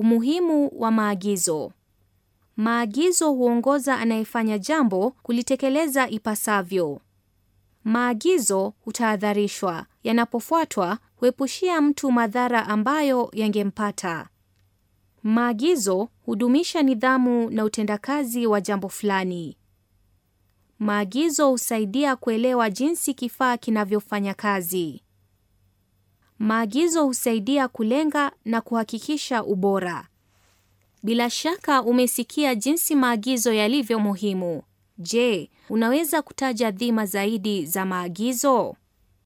Umuhimu wa maagizo. Maagizo huongoza anayefanya jambo kulitekeleza ipasavyo. Maagizo hutahadharishwa, yanapofuatwa huepushia mtu madhara ambayo yangempata. Maagizo hudumisha nidhamu na utendakazi wa jambo fulani. Maagizo husaidia kuelewa jinsi kifaa kinavyofanya kazi. Maagizo husaidia kulenga na kuhakikisha ubora. Bila shaka umesikia jinsi maagizo yalivyo muhimu. Je, unaweza kutaja dhima zaidi za maagizo?